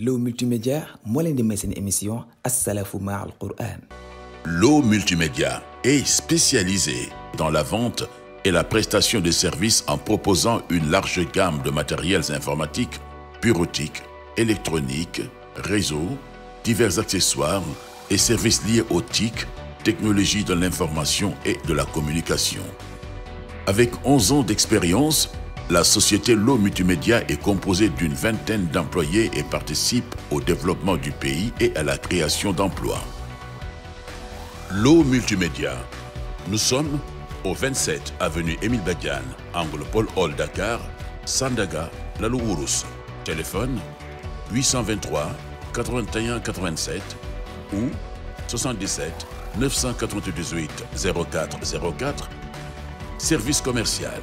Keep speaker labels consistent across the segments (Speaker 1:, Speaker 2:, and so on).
Speaker 1: L'eau multimédia moi Qur'an.
Speaker 2: L'eau multimédia est spécialisée dans la vente et la prestation de services en proposant une large gamme de matériels informatiques, bureautiques, électroniques, réseaux, divers accessoires et services liés aux TIC, technologies de l'information et de la communication. Avec 11 ans d'expérience, la société L'eau Multimédia est composée d'une vingtaine d'employés et participe au développement du pays et à la création d'emplois. L'eau Multimédia. Nous sommes au 27 avenue Émile Badian, angle Paul Hall Dakar, Sandaga, Lalouourous. Téléphone 823 81 87 ou 77 998 04 04. Service commercial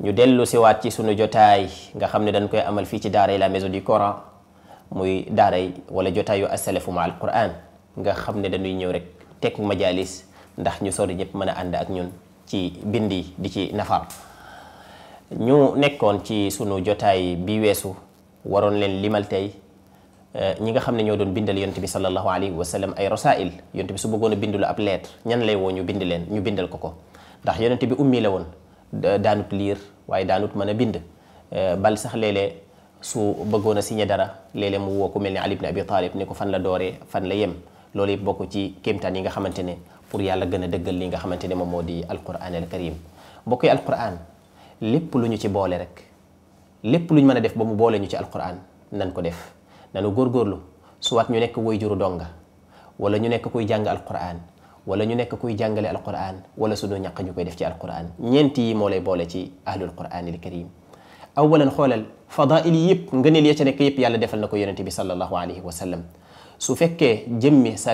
Speaker 1: ñu dellu siwaat ci sunu jotaay nga xamne dañ koy amal fi ci daaray la maison du coran muy daaray wala yu asalafu ma al quran nga xamne dañuy ñëw rek tek majalis ndax ñu soori ñep mëna ànd ak ñun ci bindi di ci nafar ñu nekkon ci sunu jotaay bi wessu waron leen limal tay ñi nga xamne ne ñoo doon bindal yonte bi sallallahu alayhi wa sallam ay rasail yonte bi su bëggono bindul ab lettre ñan lay wo ñu bind leen ñu bindal ko ko ndax yonente bi ummi la won daanut liir waaye daanut mën a bind eh, bal sax léeg su bëggoon a signé dara léeg mu woo ku mel ni Ali ibn Abi Talib ne ko fan la dooree fan la yem loolu yëpp bokk ci kéemtaan yi nga xamante ne pour yàlla gën a dëggal li nga xamante ne moom moo di alquran al karim bokk yi alquran lépp lu ñu ci boole rek lépp lu ñu mën a def ba mu boole ñu ci alquran nan ko def nanu góorgóorlu suwaat ñu nekk woy juru donga wala ñu nekk kuy jàng alquran wala ñu nekk kuy jàngale alquran wala sunu ñaq ñu koy def ci alquran ñeent yi moo lay boole ci ahlul quranil karim awalan xoolal fadail yi yëpp ngëneel ya ca nekk yëpp yàlla defal na ko yonente bi sallallahu alayhi wa sallam su fekkee jëmmi sa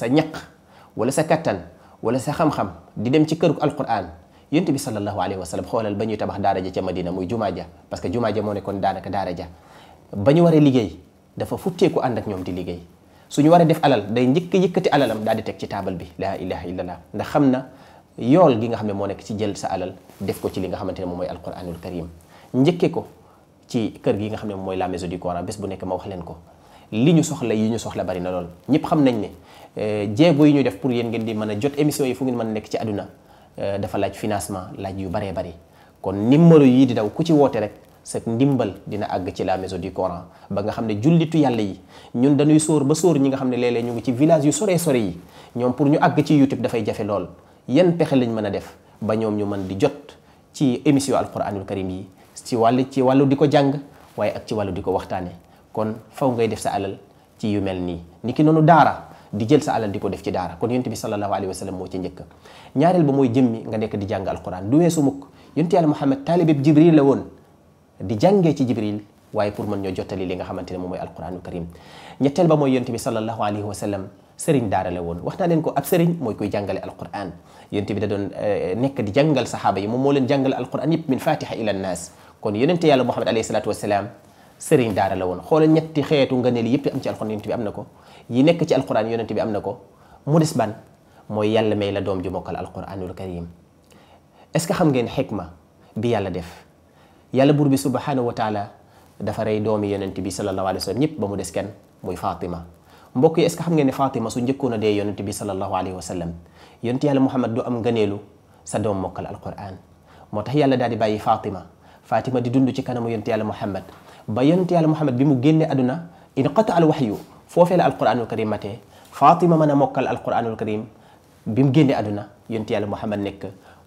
Speaker 1: sa ñaq wala sa kattan wala sa xam-xam di dem ci kër alquran yonente bi sallallahu alayhi wa sallam xoolal ba ñuy tabax daara ja ca madina muy jumaa ja parce que jumaa ja moo nekkoon daanaka daara ja ba ñu war a liggéey dafa futteeku ànd ak ñoom di liggéey suñu waree def alal day njëkk yëkkati alalam daal di teg ci taabal bi laa ilaha illallah ndax xam na yool gi nga xam ne moo nekk ci jël sa alal def ko ci li nga xamante ne moom mooy alquranul karim njëkkee ko ci kër gi nga xam ne mooy la maison du Coran bés bu nekk ma wax leen ko li ñu soxla yi ñu soxla bari na lool ñëpp xam nañ ne eh, jéego yi ñu def pour yéen ngeen di mën a jot émission yi fu ngeen mën a nekk ci aduna eh, dafa laaj financement laaj yu baree bari kon numéro yii di daw ku ci woote rek sek ndimbal dina ag ci la maison du coran ba nga xamne julitu yalla yi ñun dañuy soor ba soor ñi nga xamne lélé ñu ci village yu sore sore yi ñom pour ñu ag ci youtube fay jafe lool yan pexé lañ mëna def ba ñom ñu mën di jot ci émission alquranul karim yi ci wàll ci walu diko jang waye ak ci walu diko waxtane kon faw ngay def sa alal ci yu melni niki nonu dara, di jël sa alal di def ci dara kon yentibi sallallahu alaihi wasallam mo ci ñëk ñaarël ba moy jëmmi nga nekk di jàng alquran du wésu mukk yentiyalla yàlla muhammad taalibeb jibril la won di jangé ci jibril waye pour mën ñoo jotali li nga xamante ne moom mooy alquranu karim ñettel ba moy yonte bi sallallahu alayhi wa sallam serigne daara la woon wax naa ko ab serigne moy koy jàngale alcorane yonte bi da doon nek di jàngal sahaba yi moom mo len jàngal alcorane yep min fatiha ila nnaas kon yonente yàlla muhammad alayhi salaatu wasalaam sëriñ daara la won xoolal ñetti xeetu ngëneel yëpp yi am ci alcorane yonente bi am ko yi nek ci alcorane yonente bi am ko mudis ban moy yàlla may la dom ju mokkal alquranul karim est ce que xam ngeen hikma bi yàlla def yàlla buur bi subhanahu wa taala dafa rey doomi yonent bi sallallahu alayhi wa sallam ba mu des kenn muy Fatima mbokk yi est ce xam ngeen ne Fatima su njëkkoon a dee yonent bi sallallahu alayhi wa yonent yàlla Muhammad du am ngëneelu sa doom mokkal alquran moo tax yàlla daal bàyyi Fatima Fatima di dund ci kanamu yonent yàlla Muhammad ba yonent yàlla Muhammad bi mu génne aduna inqata al waxyu foofee la alquranul karim matee Fatima mën a mokkal alquranul karim bi génne aduna yonent yàlla Muhammad nekk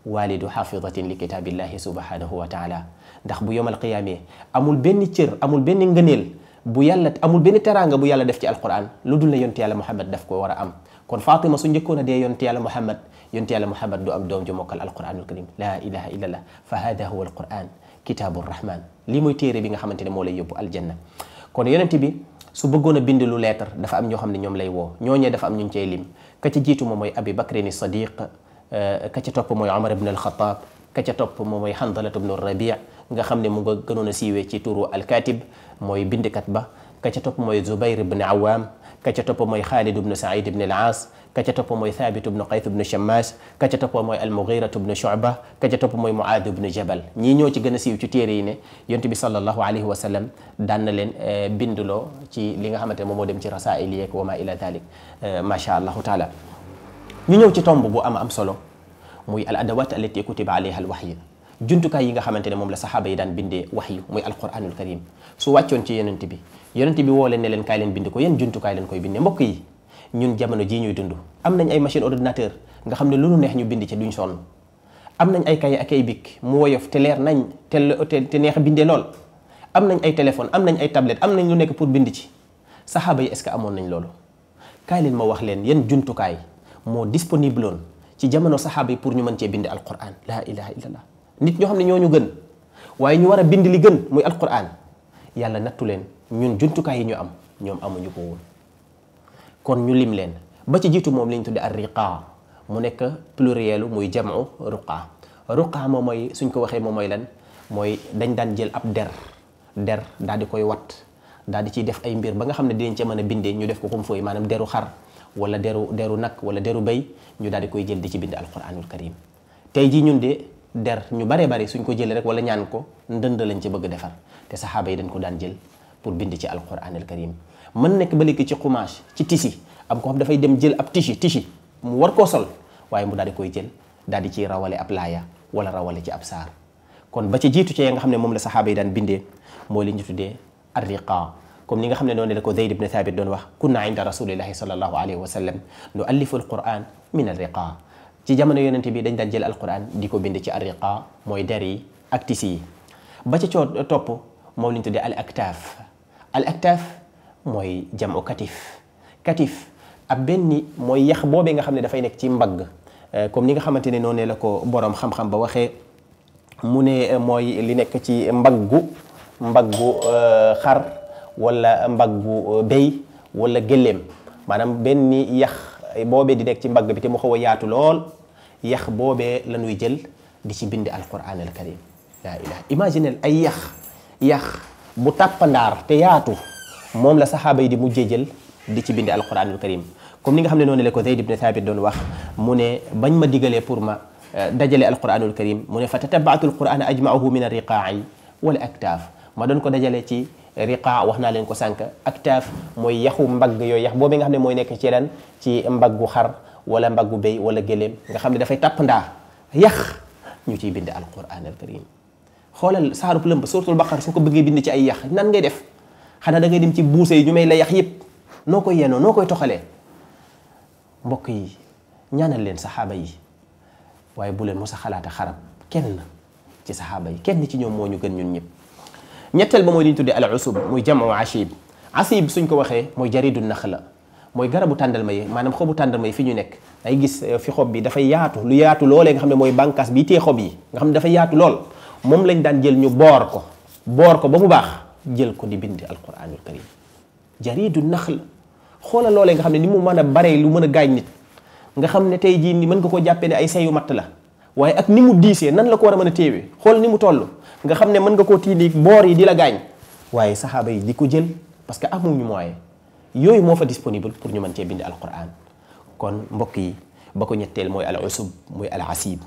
Speaker 1: والد حافظة لكتاب الله سبحانه وتعالى ندخ بو يوم القيامة أمول بني تير أمول بني نغنيل بو يالا أمول بني ترانغ بو يالا دف القرآن لودول يونتي يالا محمد دف كو أم كون فاطمة سو نيكونا دي يونتي يالا محمد يونتي يالا محمد دو أم دوم جو موكل القرآن الكريم لا إله إلا الله فهذا هو القرآن كتاب الرحمن لي موي تيري بيغا خامتيني مولاي يوبو الجنة كون يونتي بي su bëggoon a bind lu lettre dafa am ñoo xam ne ñoom lay woo ñooñee dafa am ñu ñu cay lim ka ci jiitu moom mooy abi bakri sadiq ka ca topp mooy Omar ibn al-Khattab ka ca topp moom Handalat ibn Rabi' nga xamne mu gënon gënoon a ci turu al-Katib mooy bindikat ba ka ca top moy zubair ibn Awam ka ca top moy Khalid ibn Saïd ibn al as ka ca top moy Thabit ibn qais ibn Shammas ka ca top moy al-Mughira ibn Shu'ba ka ca top moy muad ibn Jabal ñi ñoo ci gëna a siiw ci téré yi ne yonent bi sallallahu alayhi wa sallam dan na len bindulo ci li nga xamante mo moom dem ci rasaa'il yeek wa ma ila ma sha allah taala ñu ñëw ci tomb bu am am solo muy al adawat allati kutiba alayha al wahy juntu kay yi nga xamantene mom la sahaba yi daan bindé wahy muy al alquranul karim su waccion ci yonent bi yonent bi woo leen ne len kay len bind ko yéen kay len koy bindé mbokk yi ñun jamono ji ñuy dund am nañ ay machine ordinateur nga xamne lu nu neex ñu bind ci duñ son am nañ ay kay ak ay bik mu woyof te leer nañ te te neex bindé lol am nañ ay téléphone am nañ ay tablette am nañ lu nekk pour bind ci sahaba yi est ce que amoon nañ lolu kay len ma wax leen yéen kay moo disponible woon ci jamono saxaaba yi pour ñu mën cee bind alquran laa ilaha illallah nit ñoo xam ne ñooñu gën waaye ñu war a bind li gën muy alquran yàlla nattu leen ñun jumtukaay yi ñu am ñoom amuñu ko woon kon ñu lim leen ba ci jiitu moom li ñu tudde ar riqaa mu nekk plurielu muy jamu ruqaa ruqaa moom mooy suñ ko waxee moom mooy lan mooy dañ daan jël ab der der daal di koy wat daa di ciy def ay mbir ba nga xam ne dinañ ca mën a bindee ñu def ko comme fooy maanaam deru xar wala deru deru nag wala deru béy ñu daal di koy jël di ci bind alquranul karim tey jii ñun de der ñu baree bari suñ ko jëlee rek wala ñaan ko ndënd lañ ci bëgg defar te saxaaba yi dañ ko daan jël pour bind ci alquranul karim mën nekk ba léegi ci xumaas ci tisi am ko xam dafay dem jël ab tichi tichi mu war koo sol waaye mu daal di koy jël daal di ciy rawale ab laaya wala rawale ci ab saar kon ba ci jiitu ci ya nga xam ne moom la saxaaba yi daan bindee mooy li ñu tuddee arriqa كم نيغا خامني نون لكو زيد بن ثابت دون واخ كنا عند رسول الله صلى الله عليه وسلم نؤلف القران من الرقاء تي جامانو يوننتي بي دنج جيل القران ديكو بيند تي الرقاء موي داري اك تيسي با تي توپ تدي الاكتاف الاكتاف موي جمع كتيف كتيف ابني موي يخ بوبي nga xamne da fay nek ci mbag كم نيغا خامتيني نون لكو بوروم خام خام با واخي mu ne mooy li nekk ci ولا مبغ بي ولا جلم مانام بني يخ بوبي دي ديك تي مبغ مخو ياتو لول يخ بوبي لا نوي جيل القران الكريم لا اله ايماجين اي يخ يخ بو تاباندار تي صحابه دي مو جيل دي القران الكريم كوم نيغا خامل نوني لكو زيد بن ثابت دون واخ موني باج ما ديغالي بور ما دجالي القران الكريم موني فتتبعت القران اجمعه من الرقاع والاكتاف ما دون كو رقاع وحنا لين كوسانكا اكتاف موي يخو مباغ يو يخ بوبي خا موي نيك سي دان سي مباغو خار ولا مباغو بي ولا گليم خا خني دا فاي تاب ندا يخ ني تي بيند القران الكريم خولال سارو بلمب سوره البقره سوكو بيغي بيند سي اي يخ نان غي ديف خانا دا غي ديم سي بوسي ني لا يخ ييب نوكو يينو نوكو توخالي مبوكي نيانال لين صحابه يي واي بولين موسى خلات خرب كين سي صحابه يي كين سي نيوم مو ني گن نيون نيب ñettal ba moy liñ ñu al usub moy jamu asib asib suñ ko waxé moy jaridun nakhla moy garabu tàndarma yi maanaam xobu tàndarma yi fi ñu nekk ay gis fi xob bi dafay yaatu lu yaatu lolé nga xamné moy bankas bi té xob yi nga xamné ne dafa yaatu lol mom lañ daan jël ñu bor ko bor ko ba mu bax jël ko di bind al karim jaridun nakhla la lolé nga xamné ni mu mëna baré lu mëna gañ nit nga xamné tay ji ni mën nga ko jappé ne ay sayu mat la waye ak ni mu diisee nan la ko wara mëna téwé xol ni mu tollu nga xam ne mën nga koo tiili boor yi di la gaañ waaye saxaaba yi di ko jël parce que amuñu mooy yooyu moo fa disponible pour ñu man cee bind alquran kon mbokk yi ba ko ñetteel mooy al usub mooy al asib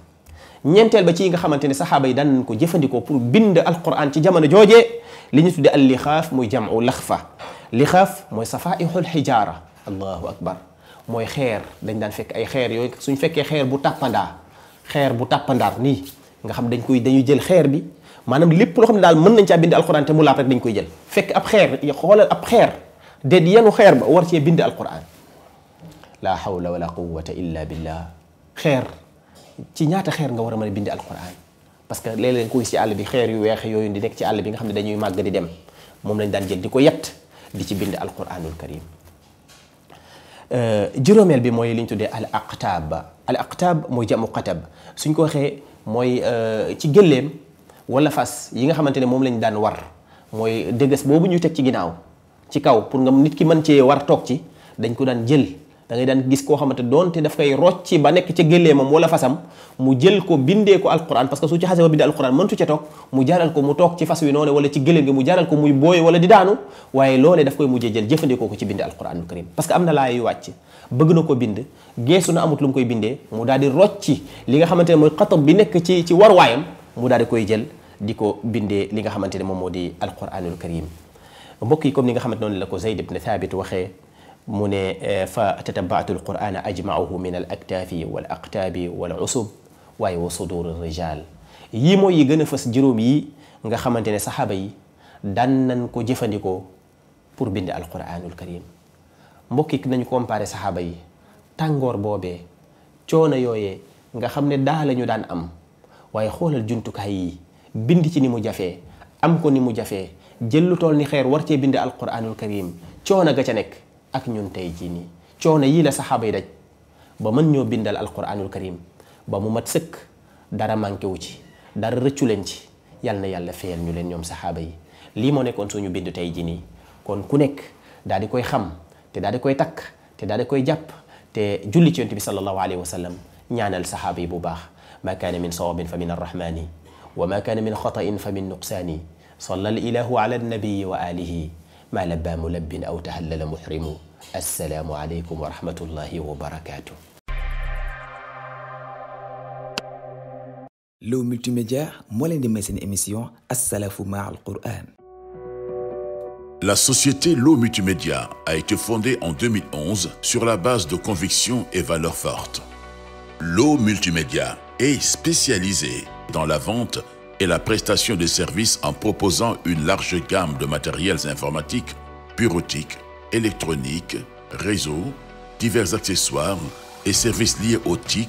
Speaker 1: ñeenteel ba ci nga xamante ne saxaaba yi daan nañ ko jëfandikoo pour bind alquran ci jamono joojee li ñu tuddee al lixaaf muy jamu laxfa lixaaf mooy safaihul xijaara allahu akbar mooy xeer dañ daan fekk ay xeer yooyu suñ fekkee xeer bu tàppandaa xeer bu tàppandaar nii nga xam dañ koy dañuy jël xeer bi manam lépp lo xam dal meun nañ ci bind alquran te mu lapp rek dañ koy jël fekk ab xeer ya xolal ab xeer déet yenu xeer ba war ci bind alquran la hawla wala quwwata illa billah xeer ci ñaata xeer nga wara a mën bind alquran parce que leen koy ci àll bi xeer yu wex yoyu di nek ci àll bi nga xam dañuy mag di dem mom lañ dan jël diko yett di ci bind alquranul karim euh juromel bi moy liñ tuddé al aqtab al aqtab moy jamu qatab suñ ko waxé moy ci gellem wala fas yi nga xamante ne moom lañ daan war mooy dëgës boobu ñuy teg ci ginnaaw ci kaw pour nga nit ki mën cee war toog ci dañ ko daan jël da ngay daan gis koo xamante doonte daf koy rocci ba nekk ca gëléemam wala fasam mu jël ko bindee ko alquran parce que su ci xasee ba bindee alquran mëntu ca toog mu jaaral ko mu toog ci fas wala ci gëléem gi mu ko muy booy wala di daanu waaye loolee daf koy mujjee jël jëfandikoo ko ci binde alquranul karim parce que am na laay wàcc bëgg na ko bind geesu na amut lu mu koy bindee mu daal di rocci li nga xamante ne mooy xatam bi nekk ci ci warwaayam mu daal di koy jël diko bindé li nga xamanténi mom modi moo di alquranul karim mbokk yi comme ni nga xamante non la ko zaid ibn thabit waxé muné fa tatabaatu alqurana ajma'uhu min alaktafi aktaafi walusub wa yusudur rijal yi moy yi gëna fess fës yi nga xamanténi sahaba yi dan nañ ko jëfëndiko pour bindé alquranul karim mbokk yi nañu comparer sahaba yi tangor bobé coono yoyé nga xamné da lañu daan am waye xolal jumtukaay yi bind ci ni mu jafee am ko ni mu jafee jël lu tool ni xeer war cee bind alquranul karim coono ga ca nekk ak ñun tey jii nii coono yii la saxaaba yi daj ba mën ñoo bindal alquranul karim ba mu mat sëkk dara manqué wu ci dara rëccu leen ci yal na yàlla feyal ñu leen ñoom saxaaba yi lii moo nekkoon suñu bind tey jii nii kon ku nekk daal di koy xam te daal di koy takk te daal di koy jàpp te julli ci yonent sallallahu alaihi wa sallam ñaanal saxaaba yi bu baax ma kaana min sawabin fa min وما كان من خطأ فمن نقصان صلى الإله على النبي وآله ما لبى ملب أو تهلل محرم السلام عليكم ورحمة الله وبركاته L'eau multimédia moo leen di may seen émission Assalafou Qur'an.
Speaker 2: La société Low multimédia a été fondée en 2011 sur la base de convictions et valeurs fortes. Low multimédia et spécialisée dans la vente et la prestation de services en proposant une large gamme de matériels informatiques, bureautiques, électroniques, réseaux, divers accessoires et services liés aux TIC,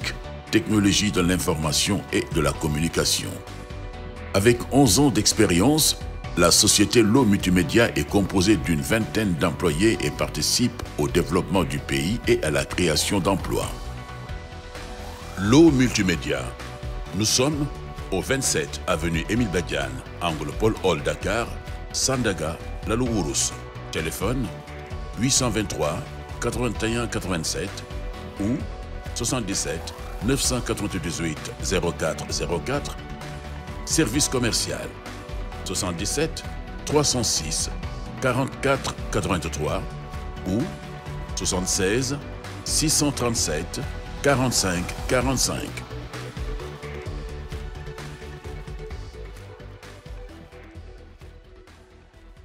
Speaker 2: technologies de l'information et de la communication. Avec 11 ans d'expérience, la société Low Multimédia est composée d'une vingtaine d'employés et participe au développement du pays et à la création d'emplois l'eau multimédia. Nous sommes au 27 avenue Émile Badian, angle Paul Hall Dakar, Sandaga, Lalouourous. Téléphone 823 81 87 ou 77 998 04 04. Service commercial 77 306 44 83 ou 76 637 45 45.